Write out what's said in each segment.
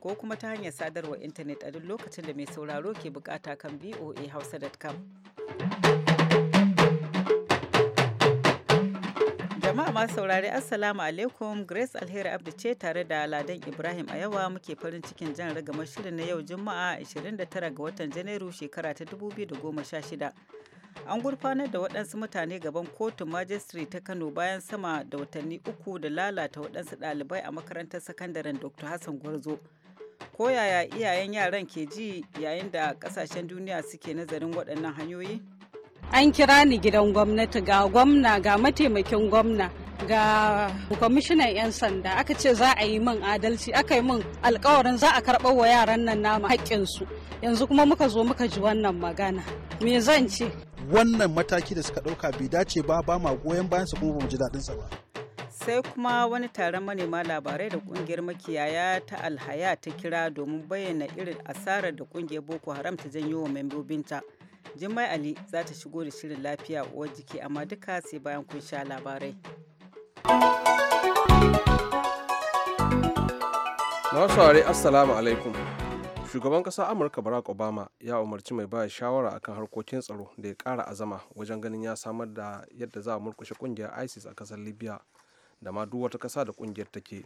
ko kuma ta hanyar sadarwar intanet a duk lokacin da mai sauraro ke bukata kan voahausa.com. jama'a masu saurari assalamu alaikum grace alheri abdu ce tare da ladan ibrahim a yawa muke farin cikin jan ragamar shirin na yau juma'a 29 ga watan janairu shekara ta 2016 an gurfanar da waɗansu mutane gaban kotun majistri ta kano bayan sama da watanni uku da lalata waɗansu ɗalibai a makarantar sakandaren dr hassan gwarzo ko yaya iyayen yaran ke ji yayin da ƙasashen duniya suke nazarin waɗannan hanyoyi an kira ni gidan gwamnati ga gwamna ga mataimakin gwamna ga kwamishinan 'yan sanda aka ce za a yi min adalci aka yi min alkawarin za a karɓa wa yaran nan nama haƙƙinsu yanzu kuma muka zo muka ji wannan magana me zan ce wannan mataki da suka ɗauka bai dace ba ba ma goyon bayan su kuma ba mu ji daɗin sa ba sai kuma wani taron manema labarai da kungiyar makiyaya ta alhaya ta kira domin bayyana irin asarar da kungiyar boko haram ta janyo wa membobinta jimai ali za ta shigo da shirin lafiya uwar jiki amma duka sai bayan kun sha labarai masu assalamu alaikum shugaban ƙasar amurka barack obama ya umarci mai baya shawara akan harkokin tsaro da ya kara azama wajen ganin ya samar da yadda za a murkushe kungiyar isis a kasar libya da ma duk wata ƙasa da kungiyar take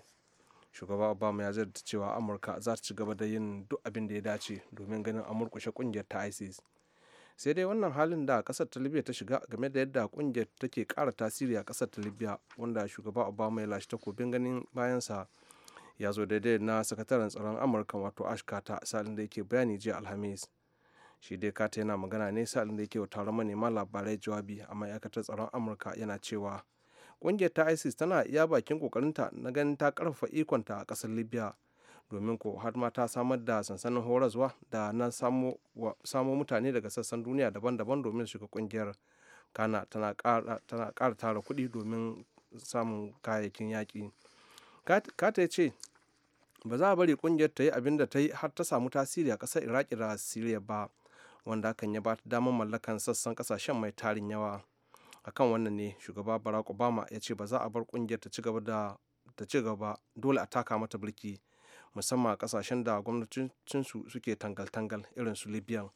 shugaba obama ya zarta cewa amurka za ta ci gaba da yin duk abin da ya dace domin ganin a murkushe ƙungiyar ta isis sai dai wannan halin da kasar ta libya ta shiga game da yadda kungiyar take kara tasiri a kasar ta libya wanda shugaba obama ya lashe takobin ganin bayansa ya zo daidai na sakataren tsaron amurka wato ash ta salin da yake bayani jiya alhamis shi dai kata yana magana ne salin da yake wa taron manema labarai jawabi a ma'aikatar tsaron amurka yana cewa ƙungiyar ta isis tana iya bakin kokarinta na ganin ta karfafa ikonta a ƙasar libya domin ko har ma ta samar da sansanin horaswa da na samo mutane daga sassan duniya daban-daban domin shiga ƙungiyar kana tana ƙara tara kuɗi domin samun kayayyakin yaƙi kata ya ce ba za a bari kungiyar ta yi abin da ta yi har ta samu tasiri a ƙasar iraki da siriya ba wanda hakan ya ba ta damar mallakan sassan kasashen mai tarin yawa akan wannan ne shugaba barack obama ya ce ba za a bar kungiyar ta ci gaba da ta ci gaba dole a taka mata birki musamman a kasashen da gwamnatocinsu suke tangal-tangal irin su libyan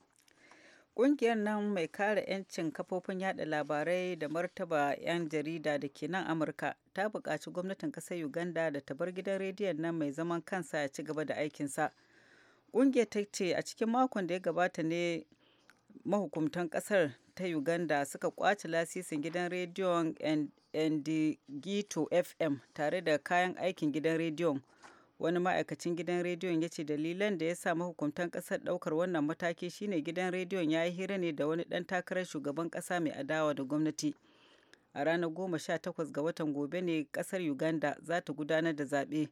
Ƙungiyar nan mai kare 'yancin kafofin yada labarai da martaba 'yan jarida da ke nan Amurka ta buƙaci gwamnatin ƙasar Uganda da ta bar gidan rediyon nan mai zaman kansa ya ci gaba da aikinsa. Ƙungiyar ta ce a cikin makon da ya gabata ne mahukuntan ƙasar ta Uganda suka kwace lasisin gidan rediyon Ndigito FM tare da kayan aikin gidan rediyon. wani ma'aikacin gidan rediyon ya ce dalilan da ya sa mahukuntan kasar daukar wannan mataki shine gidan rediyon ya yi hira ne da wani dan takarar shugaban kasa mai adawa da gwamnati a ranar goma sha takwas ga watan gobe ne kasar uganda za ta gudanar da zaɓe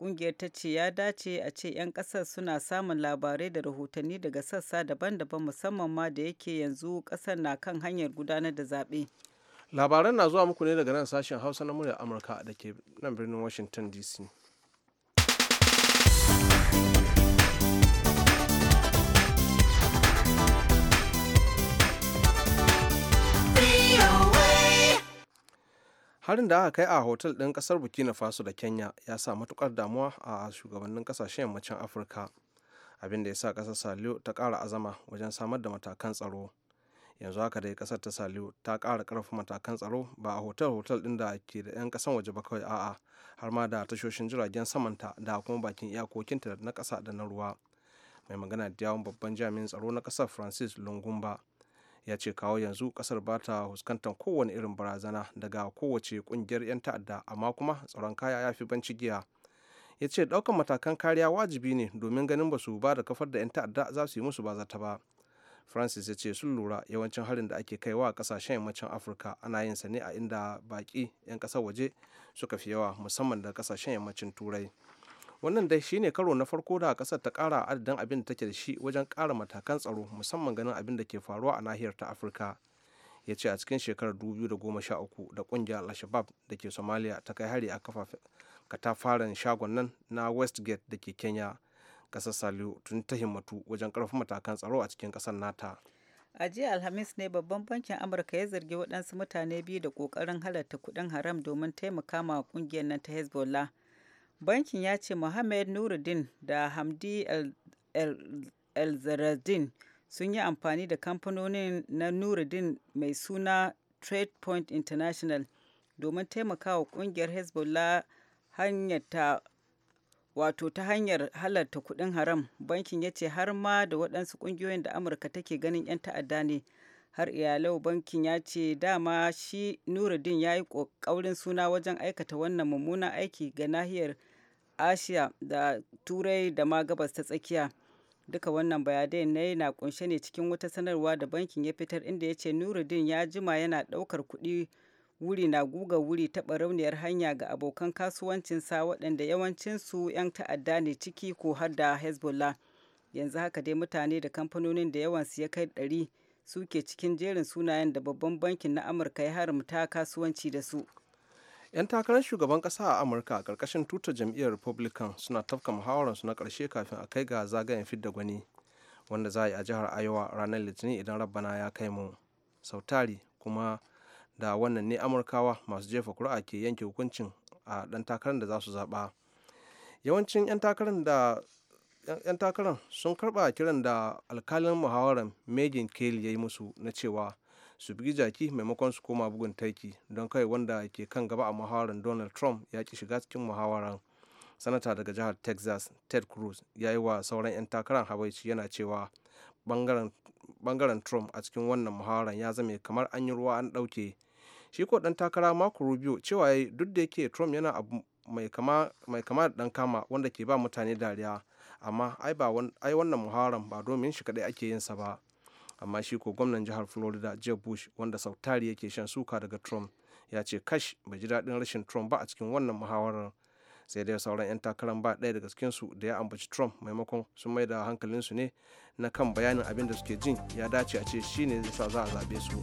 ƙungiyar ta ce ya dace a ce 'yan ƙasar suna samun labarai da rahotanni daga sassa daban-daban musamman ma da yake yanzu ƙasar na kan hanyar gudanar da zaɓe labaran na zuwa muku ne daga nan sashen hausa na murya amurka da ke nan birnin washington dc harin da aka kai a hotel ɗin ƙasar burkina faso da kenya ya sa matukar damuwa a shugabannin ƙasashen yammacin afirka abin da ya sa ƙasar saliyo ta kara azama wajen samar da matakan tsaro yanzu haka dai ƙasar ta saliyo ta kara karfin matakan tsaro ba a hotel hotel ɗin da ke da 'yan ƙasan waje ba kawai a'a har ma da tashoshin jiragen samanta da kuma bakin iyakokinta na ƙasa da na ruwa mai magana da yawon babban jami'in tsaro na ƙasar francis lungumba ya ce kawo yanzu kasar ba ta huskantar kowane irin barazana daga kowace kungiyar 'yan ta'adda amma kuma tsaron kaya ya fi banci giya ya ce ɗaukan matakan kariya wajibi ne domin ganin ba su ba da kafar da 'yan ta'adda za su yi musu ba zata ba francis ya ce sun lura yawancin harin da ake kaiwa a kasashen yammacin afirka ana yin sa ne a inda baƙi 'yan ƙasar waje suka fi yawa musamman da kasashen yammacin turai wannan dai shine karo na farko da kasar ta kara adadin abin da take da shi wajen kara matakan tsaro musamman ganin abin da ke faruwa a nahiyar ta afirka ya ce a cikin shekarar 2013 da kungiyar alshabab da ke somalia ta kai hari a katafaren shagon nan na westgate da ke kenya kasar saliu tun ta himmatu wajen karfi matakan tsaro a cikin kasar nata a jiya alhamis ne babban bankin amurka ya zargi waɗansu mutane biyu da ƙoƙarin halatta kuɗin haram domin taimaka ma ƙungiyar nan ta hezbollah bankin ya ce mohammed nuruddin da hamdi elzaradin sun yi amfani da kamfanonin na nuruddin mai suna trade point international domin taimakawa kungiyar hezbollah hanyar wato ta hanyar halarta kudin haram bankin ya ce har ma da waɗansu ƙungiyoyin da amurka take ganin 'yan ta'adda ne har iyalau bankin ya ce dama shi nuruddin ya yi ƙaurin suna wajen aikata wannan mummunan aiki ga nahiyar asiya da turai da ma gabas ta tsakiya duka wannan bayanai na yi na kunshe ne cikin wata sanarwa da bankin ya fitar inda ya ce nuruddin ya jima yana daukar kuɗi wuri na guga wuri taɓa rauniyar hanya ga abokan kasuwancinsa waɗanda yawancinsu 'yan ta'adda ne ciki ko har da hezbollah yanzu haka dai mutane da kamfanonin da yawansu ya kai ɗari su ke cikin jerin sunayen da babban bankin na amurka ya haramta kasuwanci da su 'yan takarar shugaban kasa a amurka a karkashin tutar jam'iyyar republican suna tafka muhawararsu na karshe kafin a kai ga zagayen fidda gwani wanda za a yi a jihar iowa ranar litinin idan rabbana ya kai mu sautari kuma da wannan ne amurkawa masu jefa kuri'a ke yanke hukuncin a dan takarar da za su zaɓa yawancin 'yan takarar da 'yan takarar sun karba kiran da alkalin muhawarar megan kelly ya yi musu na cewa su bugi jaki maimakon su koma bugun taiki don kai wanda ke kan gaba a muhawarar donald trump ya ki shiga cikin muhawarar sanata daga jihar texas ted cruz ya yi wa sauran 'yan takarar habaici yana cewa bangaren trump a cikin wannan muhawarar ya zame kamar an yi ruwa an ɗauke shi ko ɗan takara mako rubio cewa duk da yake trump yana abu mai kama da ɗan kama wanda ke ba mutane dariya amma ai wannan muhawaran ba domin shi kaɗai ake yin sa ba amma shi ko gwamnan jihar florida jeb bush wanda sautari yake shan suka daga trump ya ce kash bai ji daɗin rashin trump ba a cikin wannan muhawarar sai dai sauran 'yan takarar ba ɗaya daga cikinsu da ya ambaci trump maimakon sun mai da hankalinsu ne na kan bayanin abin da suke jin ya dace a ce shi ne zai sa za a zaɓe su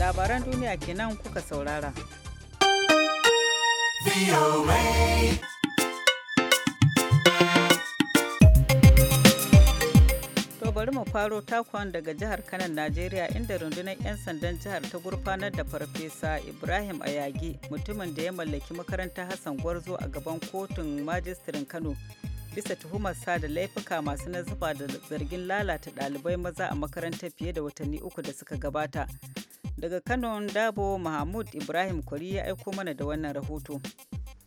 labaran duniya kenan kuka saurara bari mu faro takon daga jihar kanan najeriya inda rundunar 'yan sandan jihar ta gurfanar da farfesa ibrahim ayagi mutumin da ya mallaki makarantar hassan gwarzo a gaban kotun majistirin kano bisa tuhumar sa da laifuka masu nazuba da zargin lalata ɗalibai maza a makarantar fiye da watanni uku da suka gabata Daga kanon Dabo Mahmud Ibrahim Kwari ya aiko mana da wannan rahoto.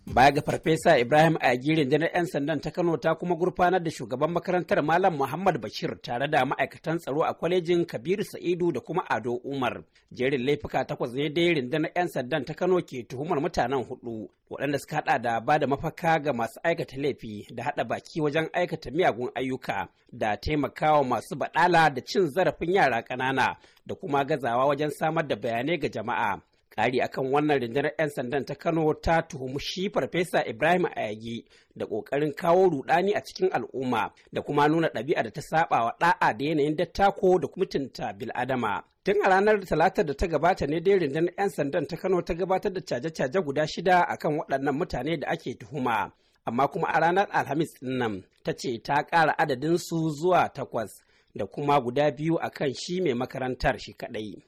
Baya ga Farfesa Ibrahim Agirin janar 'yan sandan ta Kano ta kuma gurfanar da shugaban makarantar Malam Muhammad Bashir tare da ma'aikatan tsaro a kwalejin Kabiru Sa'idu da kuma Ado Umar. Jerin laifuka takwas ne dai na 'yan sandan ta Kano ke tuhumar mutanen hudu waɗanda suka haɗa da ba da mafaka ga masu aikata laifi da haɗa baki wajen aikata miyagun ayyuka da taimakawa masu baɗala da cin zarafin yara ƙanana da kuma gazawa wajen samar da bayanai ga jama'a. Ƙari akan wannan rundunar 'yan sandan ta Kano ta tuhumi shi Farfesa Ibrahim Ayagi da ƙoƙarin kawo rudani a cikin al'umma da kuma nuna ɗabi'a da ta saba wa ɗa'a da yanayin dattako da kumitinta bil bil'adama. Tun a ranar talatar da ta gabata ne dai rundunar 'yan sandan ta Kano ta gabatar da caje-caje guda shida akan waɗannan mutane da ake tuhuma. Amma kuma a ranar Alhamis ɗinnan, ta ce ta ƙara adadin su zuwa takwas da kuma guda biyu akan shi mai makarantar shi kaɗai.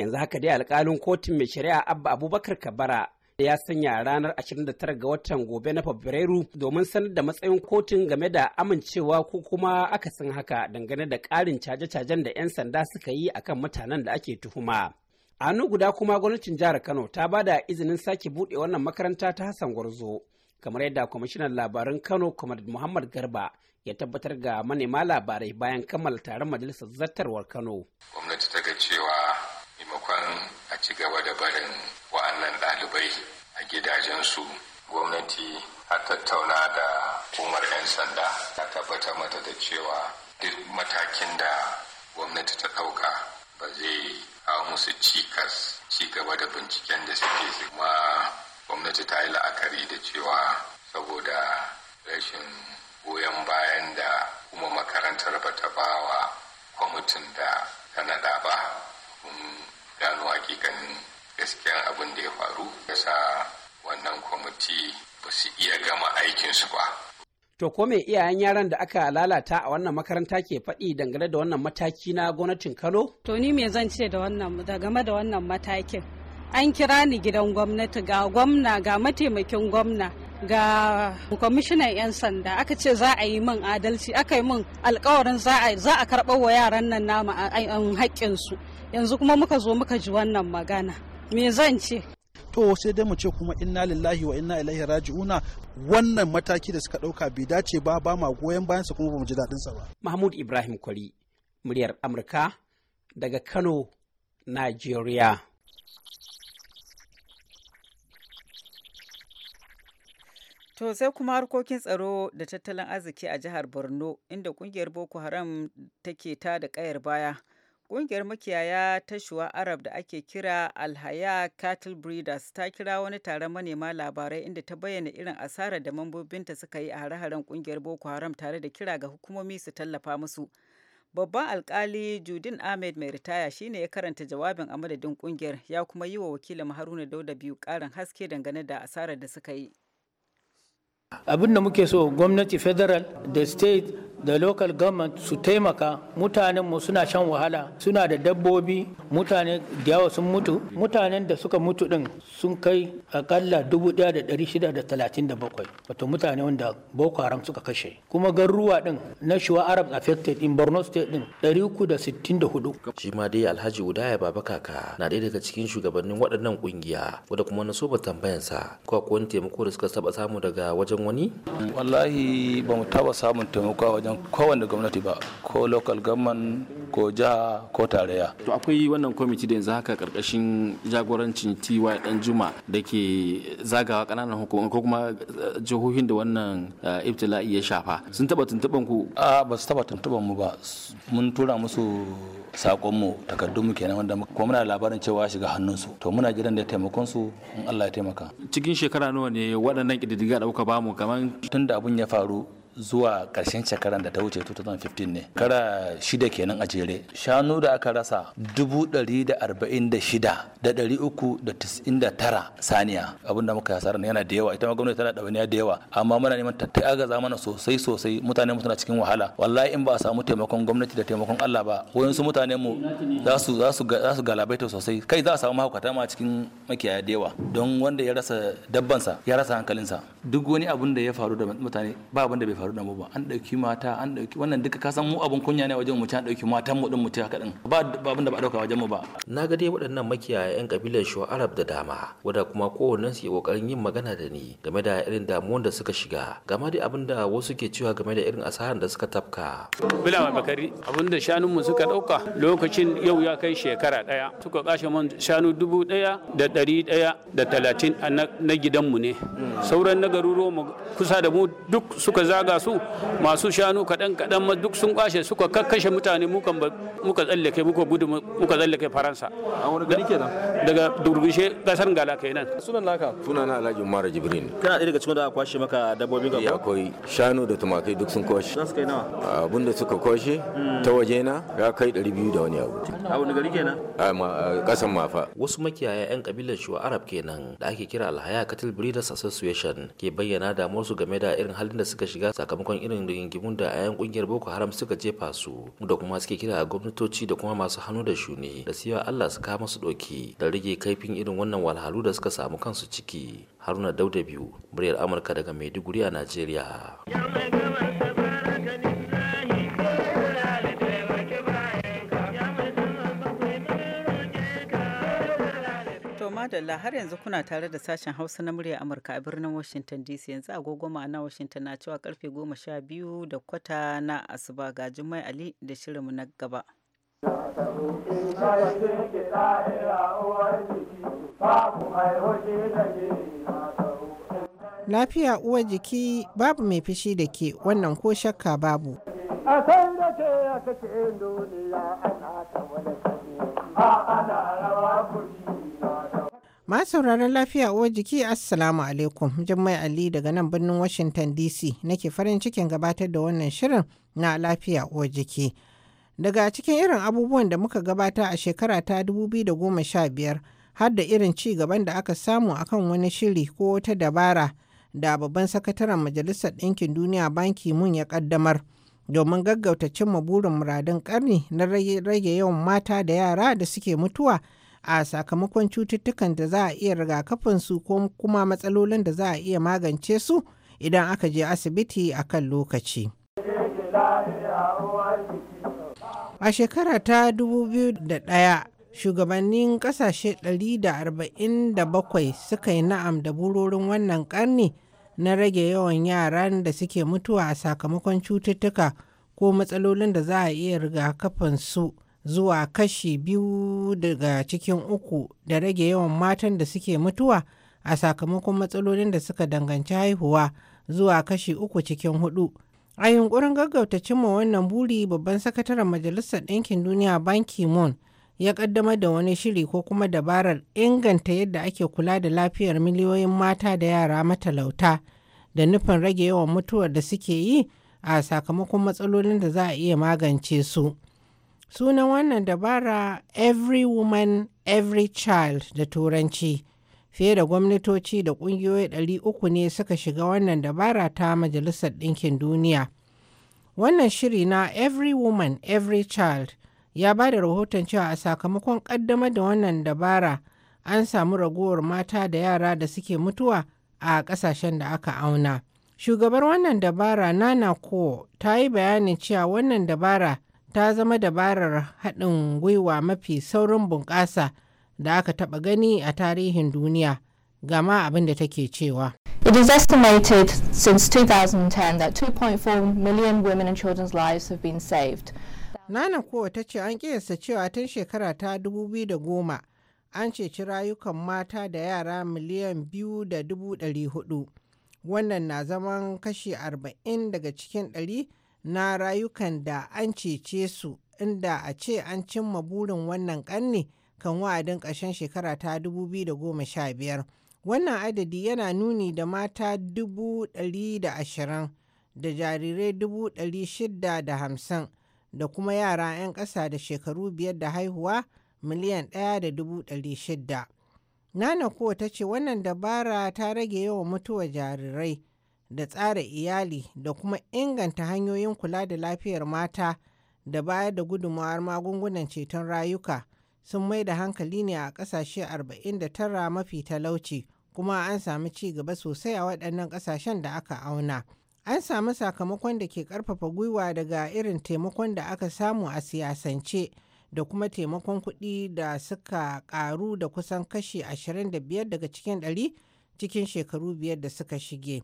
yanzu haka dai alkalin kotun mai shari'a abba abubakar kabara ya sanya ranar 29 ga watan gobe na fabrairu domin sanar da matsayin kotun game da amincewa ko kuma akasin haka dangane da karin caje-cajen da 'yan sanda suka yi akan mutanen da ake tuhuma. a hannu guda kuma gwamnatin jihar kano ta ba da izinin sake buɗe wannan makaranta ta hassan gwarzo kamar yadda kwamishinan labarun kano kamar muhammad garba ya tabbatar ga manema labarai bayan kammala taron majalisar zartarwar kano gwamnati ta ga cewa ci gaba da barin wa'annan ɗalibai a gidajensu gwamnati a tattauna da hukumar 'yan sanda ta tabbata mata da cewa duk matakin da gwamnati ta ɗauka ba zai kawo musu cikas ci gaba da binciken da suke kuma gwamnati ta yi la'akari da cewa saboda rashin goyon bayan da kuma makarantar ba ta ba wa kwamitin da ta naɗa ba gano hakikanin gaskiyar abin da ya faru yasa wannan kwamiti ba su iya gama aikinsu ba To ko me iyayen yaran da aka lalata a wannan makaranta ke faɗi dangane da wannan mataki na gwamnatin Kano? To ni me zan ce da wannan da game da wannan matakin? An kira ni gidan gwamnati ga gwamna ga mataimakin gwamna ga kwamishinan 'yan sanda aka ce za a yi min adalci aka yi min alkawarin za a karɓar wa yaran nan nama su yanzu kuma muka zo muka ji wannan magana me zan ce to sai dai mu ce kuma inna lillahi wa inna ilaihi raji'una wannan mataki da suka ɗauka bai dace ba ba ma goyon bayan su kuma ba mu ji dadin sa ba mahmud ibrahim kwari muryar amurka daga kano nigeria To sai kuma harkokin tsaro da tattalin arziki a jihar Borno inda kungiyar Boko Haram take ta da kayar baya. Kungiyar makiyaya ta tashuwa Arab da ake kira Alhaya Cattle Breeders ta kira wani taron manema labarai inda ta bayyana irin asarar da mambobinta suka yi a hare-haren kungiyar Boko Haram tare da kira ga hukumomi su tallafa musu. Babban alkali Judin Ahmed mai ritaya shine ya karanta jawabin a madadin kungiyar ya kuma yi wa wakilin Haruna Dauda biyu karin haske dangane da asarar da suka yi. abin da muke so gwamnati federal da state da local government su taimaka mutanenmu suna shan wahala suna da dabbobi mutane da yawa sun mutu mutanen da suka mutu din sun kai akalla 1637 wato mutane wanda boko haram suka kashe kuma garuruwa din na shuwa arab affected in borno state din 364 shi ma dai alhaji udaya baba kaka na ɗaya daga cikin shugabannin waɗannan kungiya wadda kuma na so ba tambayansa ko akwai taimako da suka saba samu daga wajen wajen wani wallahi ba mu taba samun taimako wajen kowane gwamnati ba ko local government ko jiha ko tarayya to akwai wannan kwamiti da yanzu haka karkashin jagorancin ty dan juma da ke zagawa kananan hukumomi ko kuma eh, jihohin da wannan eh, ibtila'i ya shafa sun taba tuntuban ku a ba su taba tuntuban mu ba mun tura musu sakonmu mu kenan wanda kuma muna labarin cewa shiga hannunsu to muna jiran da taimakon su in Allah ya taimaka cikin shekara nawa ne waɗannan ƙididdiga da kuka bamu kamar tunda da abun ya faru zuwa karshen shekaran da ta wuce 2015 ne kara shida kenan a jere shanu da aka rasa 146,399 saniya abinda muka hasara yana da yawa ita ma gwamnati tana ɗawainiya da yawa amma muna neman ta agaza mana sosai sosai mutane mu suna cikin wahala wallahi in ba a samu taimakon gwamnati da taimakon Allah ba wayansu mutane mu za su za su za su galabaita sosai kai za a samu mahaukata ma cikin makiyaya da yawa don wanda ya rasa dabbansa ya rasa hankalinsa duk wani abun da ya faru da mutane ba abin da bai faru faru da mu ba an ɗauki mata an ɗauki wannan duka kasan mu abin kunya ne wajen mu an ɗauki matan mu din mu ta haka din ba abin da ba ɗauka wajen mu ba na ga dai waɗannan makiyaya yan kabilar shuwa arab da dama wanda kuma kowannen su ke kokarin yin magana da ni game da irin damuwan da suka shiga game da abin da wasu ke cewa game da irin asaran da suka tafka bilawa bakari abin da shanun mu suka ɗauka lokacin yau ya kai shekara ɗaya suka kashe man shanu dubu ɗaya da ɗari ɗaya da talatin na gidanmu ne sauran na garuruwa kusa da mu duk suka zaga su masu shanu kaɗan kaɗan ma duk sun kwashe suka kakkashe mutane muka tsallake muka gudu muka tsallake faransa daga durgushe kasar gala kenan sunan naka na alhaji umar jibrin kana ɗaya daga cikin da kwashe maka dabbobi ga eh, akwai shanu da tumakai duk sun kwashe za su kai nawa ah, abun da suka kwashe hmm. ta waje na ya kai 200 da wani abu a wani gari kenan a kasan mafa wasu makiyaya yan kabilar shuwa arab kenan da ake kira alhaya cattle breeders association ke bayyana damuwarsu game da irin halin da suka shiga sakamakon irin rigingimun da 'ya'yan kungiyar boko haram suka jefa su da kuma suke kira a gwamnatoci da kuma masu hannu da shuni da siya allah su kama su doki da rage kaifin irin wannan walhalu da suka samu kansu ciki haruna dauda biyu muryar amurka daga maiduguri a najeriya madalla har yanzu kuna tare da sashen hausa na murya amurka a birnin washington dc yanzu agogo ma'ana washington na cewa karfe goma sha biyu da kwata na asuba ga jummai ali da shirinmu na gaba lafiya uwar jiki babu mai fishi da ke wannan ko shakka babu a da ke duniya ana ta wani a ana Ma sauraron lafiya uwar jiki Assalamu alaikum Jummai Ali daga nan birnin Washington DC nake farin cikin gabatar da wannan shirin na lafiya uwar jiki. Daga cikin irin abubuwan da muka gabata a shekara ta 2015 har da irin ci gaban da aka samu akan wani shiri ko wata dabara da babban sakataren Majalisar Ɗinkin Duniya Banki Mun ya ƙaddamar domin gaggauta cimma burin muradun ƙarni na rage yawan mata da yara da suke mutuwa a sakamakon cututtukan da za a iya su ko kuma matsalolin da za a iya magance su idan aka je asibiti a kan lokaci. A shekara ta 2001 shugabannin kasashe 147 suka yi na'am da burorin wannan karni na rage yawan yaran da suke mutuwa a sakamakon cututtuka ko matsalolin da za a iya rigakafin su. zuwa kashi biyu daga cikin uku da rage yawan matan da suke mutuwa a sakamakon matsalolin da suka danganci haihuwa zuwa kashi uku cikin hudu. A yunkurin gaggauta cimma wannan buri babban sakataren Majalisar Ɗinkin Duniya Banki Ki-moon ya ƙaddamar da wani shiri ko kuma dabarar inganta yadda ake kula da lafiyar miliyoyin mata da yara matalauta da nufin rage yawan mutuwar da suke yi a sakamakon matsalolin da za a iya magance su. Sunan wannan dabara Every Woman Every Child da Turanci. Fiye da gwamnatoci da ƙungiyoyi ɗari uku ne suka shiga wannan dabara ta Majalisar Ɗinkin Duniya. Wannan shiri na Every Woman Every Child ya ba da rahoton cewa a sakamakon ƙaddamar da wannan dabara an samu ragowar mata da yara da suke mutuwa a ƙasashen da aka auna. Shugabar wannan dabara Nana Ko ta yi bayanin cewa wannan dabara ta zama dabarar haɗin gwiwa mafi saurin bunƙasa da aka taɓa gani a tarihin duniya gama abin da take cewa. It is estimated since 2010 that 2.4 million women and children's lives have been saved. Nana kowa ta ce an kiyasta cewa tun shekara ta 2010 an ceci rayukan mata da yara miliyan biyu da dubu ɗari Wannan na zaman kashi 40 daga cikin ɗari na rayukan da an cece su inda a ce an cimma burin wannan ƙanni kan wa'adin ƙarshen shekara ta 2015. Wannan adadi yana nuni da mata 120,000 da jarirai 650,000 da kuma yara 'yan ƙasa da shekaru biyar da haihuwa miliyan 1,600. Nana ko ta ce wannan dabara ta rage yawan mutuwa jarirai da tsara iyali da kuma inganta hanyoyin kula da lafiyar mata da bayar da gudunmawar magungunan ceton rayuka sun mai da hankali ne a ƙasashe 49 mafi talauci kuma an sami ci gaba sosai a waɗannan ƙasashen da aka auna. An sami sakamakon da ke ƙarfafa gwiwa daga irin taimakon da aka samu a siyasance da kuma taimakon kuɗi da suka ƙaru da kusan kashi 25 daga cikin 100 cikin shekaru biyar da suka shige.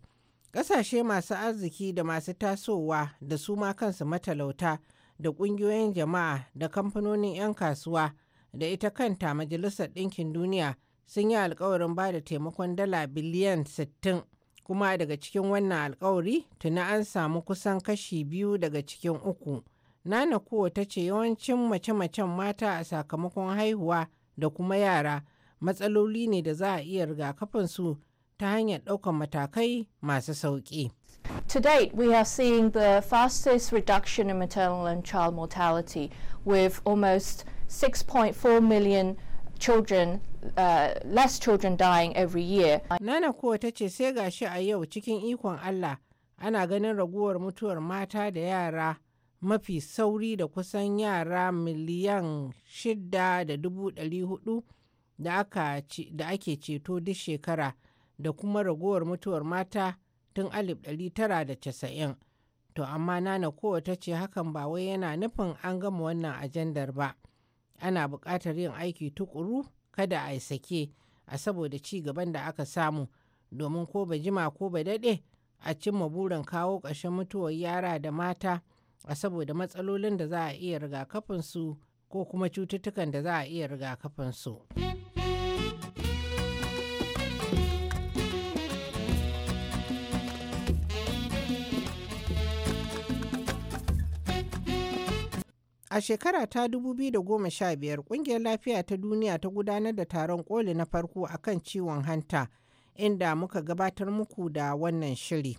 Ƙasashe masu arziki da masu tasowa da su ma kansu matalauta da ƙungiyoyin jama'a da kamfanonin 'yan kasuwa da ita kanta Majalisar Ɗinkin Duniya sun yi alkawarin ba da taimakon dala biliyan 60 kuma daga cikin wannan alkawari tuna an samu kusan kashi biyu daga cikin uku. Nana kowa ta ce yawancin mace-macen mata a sakamakon haihuwa da kuma yara matsaloli ne da za a iya su ta hanyar ɗaukar matakai masu sauƙi. To date, we are seeing the fastest reduction in maternal and child mortality with almost 6.4 million children uh, less children dying every year. Nana kuwa ta ce sai gashi a yau cikin ikon Allah ana ganin raguwar mutuwar mata da yara mafi sauri da kusan yara miliyan shida da dubu ɗari hudu da ake ceto duk shekara da kuma ragowar mutuwar mata tun 1990 to amma nana kowa ta ce hakan ba wai yana nufin an gama wannan ajandar ba ana buƙatar yin aiki tukuru kada a sake a saboda ci gaban da aka samu domin ko ba jima ko ba daɗe a cimma burin kawo ƙarshen mutuwar yara da mata a saboda matsalolin da za a iya rigakafinsu ko kuma cututtukan da za a iya rigakafinsu. su. A shekara ta 2015 ƙungiyar lafiya ta duniya ta gudanar da taron koli na farko a kan ciwon hanta inda muka gabatar muku da wannan shiri.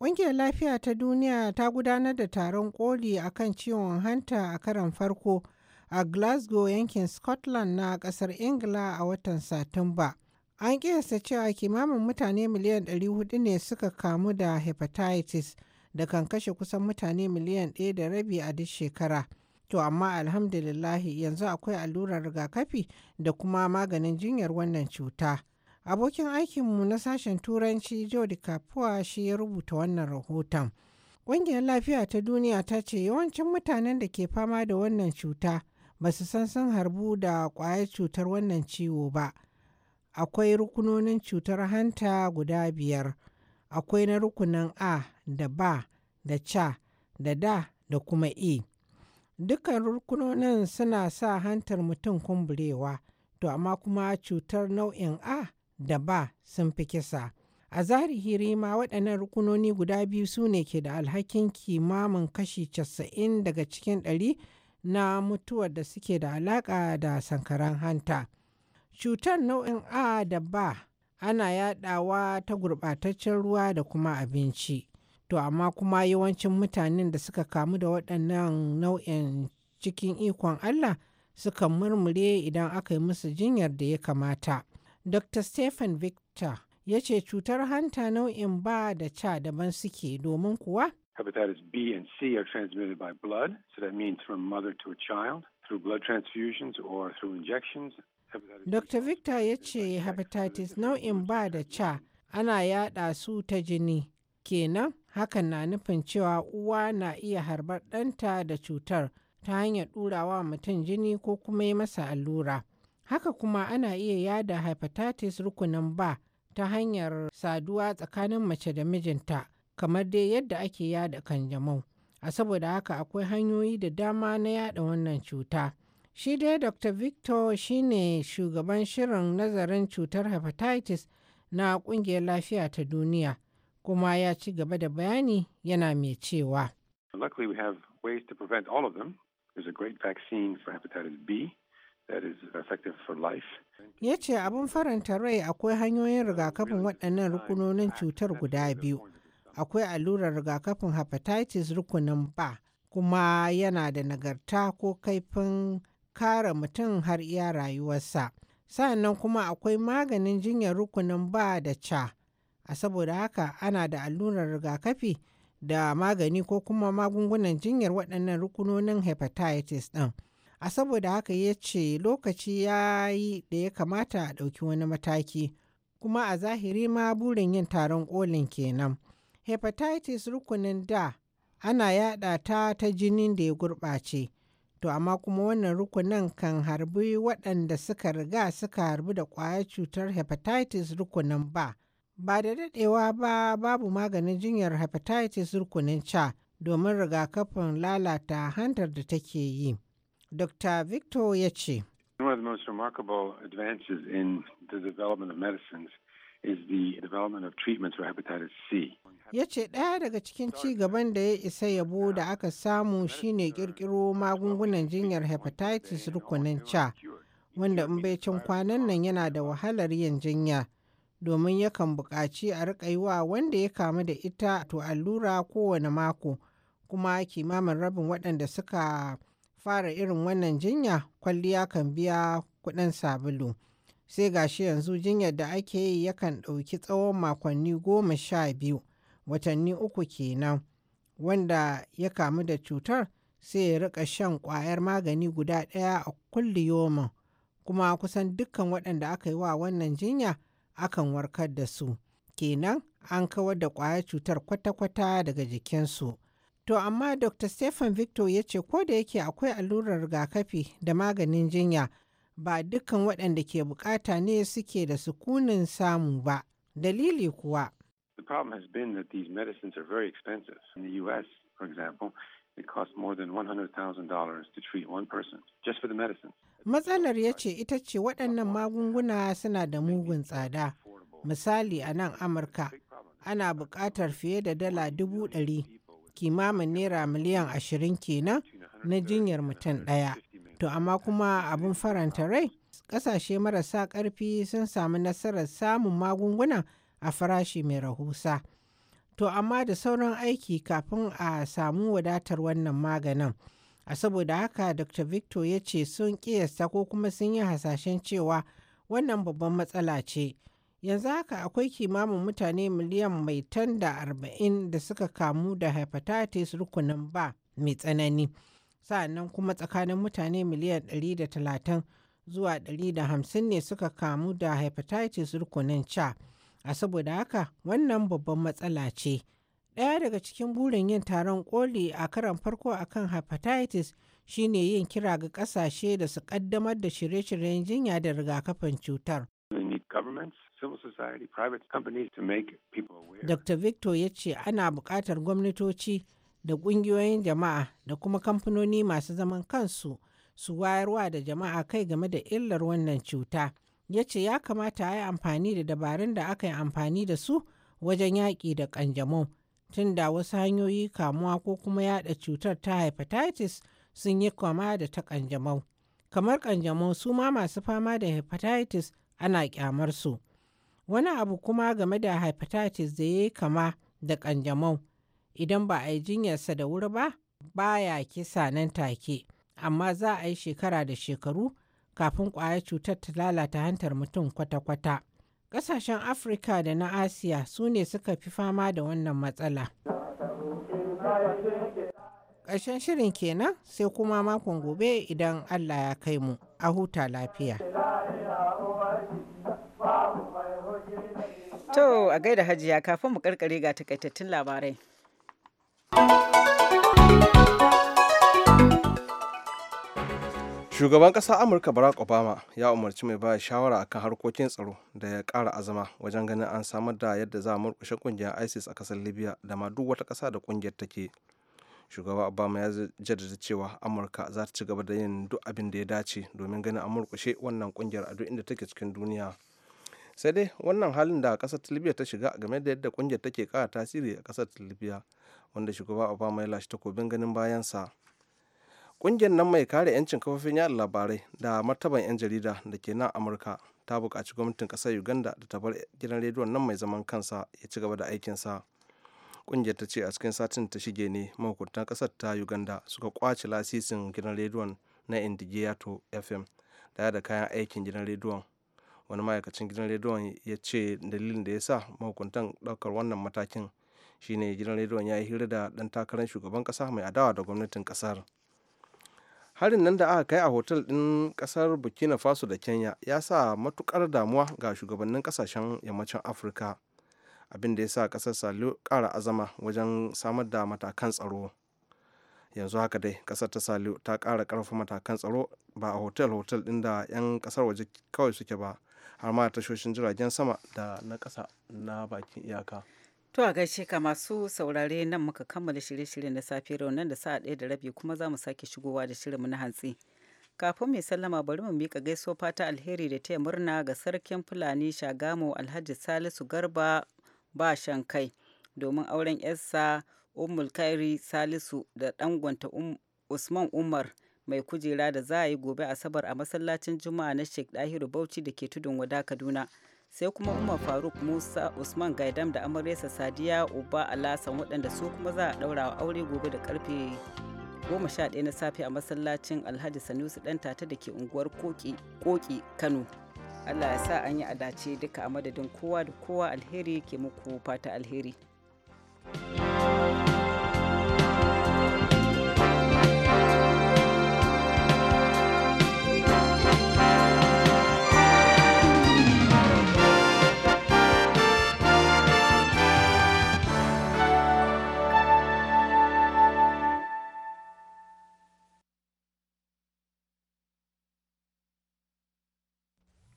Ƙungiyar lafiya ta duniya ta gudanar da taron koli a kan ciwon hanta a karan farko a Glasgow yankin Scotland na ƙasar Ingila a watan Satumba. An kiyasta cewa kimanin mutane miliyan 400 ne suka kamu da hepatitis da kan kashe kusan mutane miliyan ɗaya da rabi a duk shekara. To amma alhamdulillahi yanzu akwai allurar rigakafi da kuma maganin jinyar wannan cuta. Abokin aikinmu na sashen Turanci Jodi Kapuwa shi ya rubuta wannan rahoton. Ƙungiyar Lafiya ta Duniya ta ce yawancin mutanen da ke fama da wannan cuta ba su san sun harbu da ƙwayar cutar wannan ciwo ba. Akwai rukunonin cutar hanta guda biyar. Akwai na rukunin A da B da C da D da kuma E. Dukkan rukunonin suna sa hantar mutum kumburewa, to amma kuma cutar nau'in A da ba sun fi kisa. A zahiri ma waɗannan rukunoni guda biyu su ne ke da alhakin kimamin kashi 90 daga cikin ɗari na mutuwar da suke da alaƙa da sankaran hanta. Cutar nau'in A da ba ana yaɗawa ta gurɓataccen ruwa da kuma abinci. to amma kuma yawancin mutanen da suka kamu da waɗannan nau'in cikin ikon Allah suka murmure idan aka yi musu jinyar da ya kamata. Dr. Stephen Victor ya ce cutar hanta nau'in ba da ca daban suke domin kuwa Hepatitis B and C are transmitted by blood, so that means from mother to a child, through blood transfusions or through injections. Dr. Victor ya ce hepatitis nau'in ba da ca ana yada su ta jini. Kenan hakan na nufin cewa uwa na iya harbar ɗanta da cutar ta hanyar ɗurawa mutum jini ko kuma yi masa allura haka kuma ana iya yada hepatitis rukunin ba ta hanyar saduwa tsakanin mace da mijinta kamar dai yadda ake yada kanjamau a saboda haka akwai hanyoyi da dama na yada wannan cuta shi dai dr victor shine shugaban shirin nazarin cutar hepatitis na kungiyar lafiya ta duniya kuma ya ci gaba da bayani yana mai cewa. Luckily we have ways to prevent all of them. There's a great vaccine for hepatitis B that is effective for life. Ya ce abin faranta rai akwai hanyoyin rigakafin waɗannan rukunonin cutar guda biyu. Akwai allurar rigakafin hepatitis rukunin ba kuma yana da nagarta ko kaifin kare mutum har iya rayuwarsa. Sa'annan kuma akwai maganin jinyar rukunin ba da ca a saboda haka ana da allurar rigakafi da magani ko kuma magungunan jinyar waɗannan rukunonin hepatitis ɗin a saboda haka ya ce lokaci ya yi da ya kamata a ɗauki wani mataki kuma a zahiri ma burin yin taron kolin kenan hepatitis rukunin da ana yada ta ta jinin da ya gurɓace to amma kuma wannan rukunin kan harbi waɗanda suka riga suka harbi da ƙwayar cutar hepatitis rukunin ba Ba da dadewa ba babu maganin jinyar hepatitis rukunin ca domin rigakafin lalata hantar da take yi. Dr. Victor ya ce, Ya ce ɗaya daga cikin ci gaban da ya isa yabo da aka samu shine ƙirƙiro magungunan jinyar hepatitis rukunin ca wanda in bai can kwanan nan yana da wahalar yin jinya. domin yakan buƙaci a riƙa yi wa wanda ya kamu da ita to allura kowane mako kuma kimamin rabin waɗanda suka fara irin wannan jinya kwalliya kan biya kuɗin sabulu sai gashi yanzu jinyar da ake yi yakan ɗauki tsawon makonni goma sha biyu watanni uku kenan wanda ya kamu da cutar sai ya riƙa shan ƙwayar magani guda ɗaya a kulli yomin kuma kusan dukkan waɗanda aka yi wa wannan jinya akan warkar da su kenan an kawar da kwaya cutar kwata-kwata daga jikinsu to amma dr stephen victor ya ce ko da yake akwai allurar rigakafi da maganin jinya ba dukkan waɗanda ke bukata ne suke da sukunin samu ba dalili kuwa The problem has been that these medicines are very expensive. In the US, for example, it costs more than $100,000 to treat one person just for the medicine. Matsalar ya ce ita ce waɗannan magunguna suna da mugun tsada. Misali a nan Amurka, ana buƙatar fiye da dala dubu ɗari, kimamin naira miliyan ashirin kenan na jinyar mutum ɗaya. To amma kuma abin faranta rai, ƙasashe marasa ƙarfi sun samu nasarar samun magunguna a farashi mai rahusa. To amma da sauran aiki kafin a samu wadatar wannan maganin. a saboda haka dr victor ya ce sun kiyasta ko kuma sun yi hasashen cewa wannan babban matsala ce yanzu haka akwai kimamin mutane miliyan mai tan da arba'in da suka kamu da hepatitis rukunin ba mai tsanani sa'annan kuma tsakanin mutane miliyan 130 zuwa 150 ne suka kamu da hepatitis rukunin ca a saboda haka wannan babban matsala ce Ɗaya daga cikin burin yin taron koli a karon farko a kan hepatitis shine yin kira ga ƙasashe da su ƙaddamar da shirye-shiryen jinya da rigakafin cutar. Dr. Victor ya ce ana buƙatar gwamnatoci da ƙungiyoyin jama'a da kuma kamfanoni masu zaman kansu su wayarwa da jama'a kai game da illar wannan cuta. Ya ce ya kamata a yi amfani da dabarun da aka yi amfani da su wajen yaƙi da ƙanjamau Tun da wasu hanyoyi kamuwa ko kuma yada cutar ta hepatitis sun yi kama da ta kanjamau kamar kanjamau su ma masu fama da hepatitis ana kyamar su wani abu kuma game da hepatitis da ya yi kama da kanjamau idan ba a yi jinyarsa da wuri ba baya kisa nan take amma za a yi shekara da shekaru kafin kwayar cutar ta lalata hantar mutum kwata-kwata Ƙasashen Afirka da na Asiya su ne suka fi fama da wannan matsala. Ƙarshen shirin kenan sai kuma makon gobe idan Allah ya kai mu a huta lafiya. To a gaida hajiya kafin mu karkare ga takaitattun labarai. shugaban ƙasar amurka barack obama ya umarci mai baya shawara akan harkokin tsaro da ya ƙara azama wajen ganin an samar da yadda za a murƙushe ƙungiyar isis a ƙasar libya da ma duk wata ƙasa da ƙungiyar take shugaban obama ya jaddada cewa amurka za ta ci gaba da yin duk abin da ya dace domin ganin an murƙushe wannan kungiyar a duk inda take cikin duniya sai dai wannan halin da ƙasar libya ta shiga game da yadda kungiyar take ƙara tasiri a ƙasar libya wanda shugaban obama ya lashe takobin ganin bayansa ƙungiyar nan mai kare 'yancin kafofin yada labarai da martaban 'yan jarida da ke nan amurka ta buƙaci gwamnatin ƙasar uganda da ta bar gidan rediyon nan mai zaman kansa ya ci gaba da aikinsa ƙungiyar ta ce a cikin satin ta shige ne mahukuntan ƙasar ta uganda suka kwace lasisin gidan rediyon na indigiyato fm daya da kayan aikin gidan rediyon wani ma'aikacin gidan rediyon ya ce dalilin da ya sa mahukuntan ɗaukar wannan matakin shine gidan rediyon ya yi hira da ɗan takarar shugaban ƙasa mai adawa da gwamnatin ƙasar. harin nan da aka kai a hotel ɗin ƙasar burkina faso da kenya ya sa matukar damuwa ga shugabannin ƙasashen yammacin afirka abin da ya sa ƙasar salo ƙara azama wajen samar da matakan tsaro yanzu haka dai ƙasar ta salo ta ƙara ƙarfa matakan tsaro ba a hotel hotel ɗin da 'yan ƙasar waje kawai suke ba har ma tashoshin jiragen sama da na ƙasa na bakin iyaka To a gaishe ka masu saurare nan muka kammala shirye-shiryen da safe raunin da sa'a ɗaya da rabi kuma za mu sake shigowa da shirinmu na hantsi. Kafin mai sallama bari mu miƙa gaiso fata alheri da taya murna ga sarkin Fulani Shagamo Alhaji Salisu Garba ba shan kai domin auren yarsa Ummul Kairi Salisu da ɗangonta um-, Usman Umar mai kujera da za a yi gobe Asabar a masallacin Juma'a na Sheikh Dahiru Bauchi da ke tudun wada Kaduna. sai kuma umar faruk musa usman gaidam da amaryarsa sadiya uba alasan waɗanda su kuma za a ɗaura wa aure gobe da karfe goma sha ɗaya na safe a masallacin alhaji sanusi ɗan tata da ke unguwar koki kano allah ya sa an yi adace duka a madadin kowa da kowa alheri ke muku fata alheri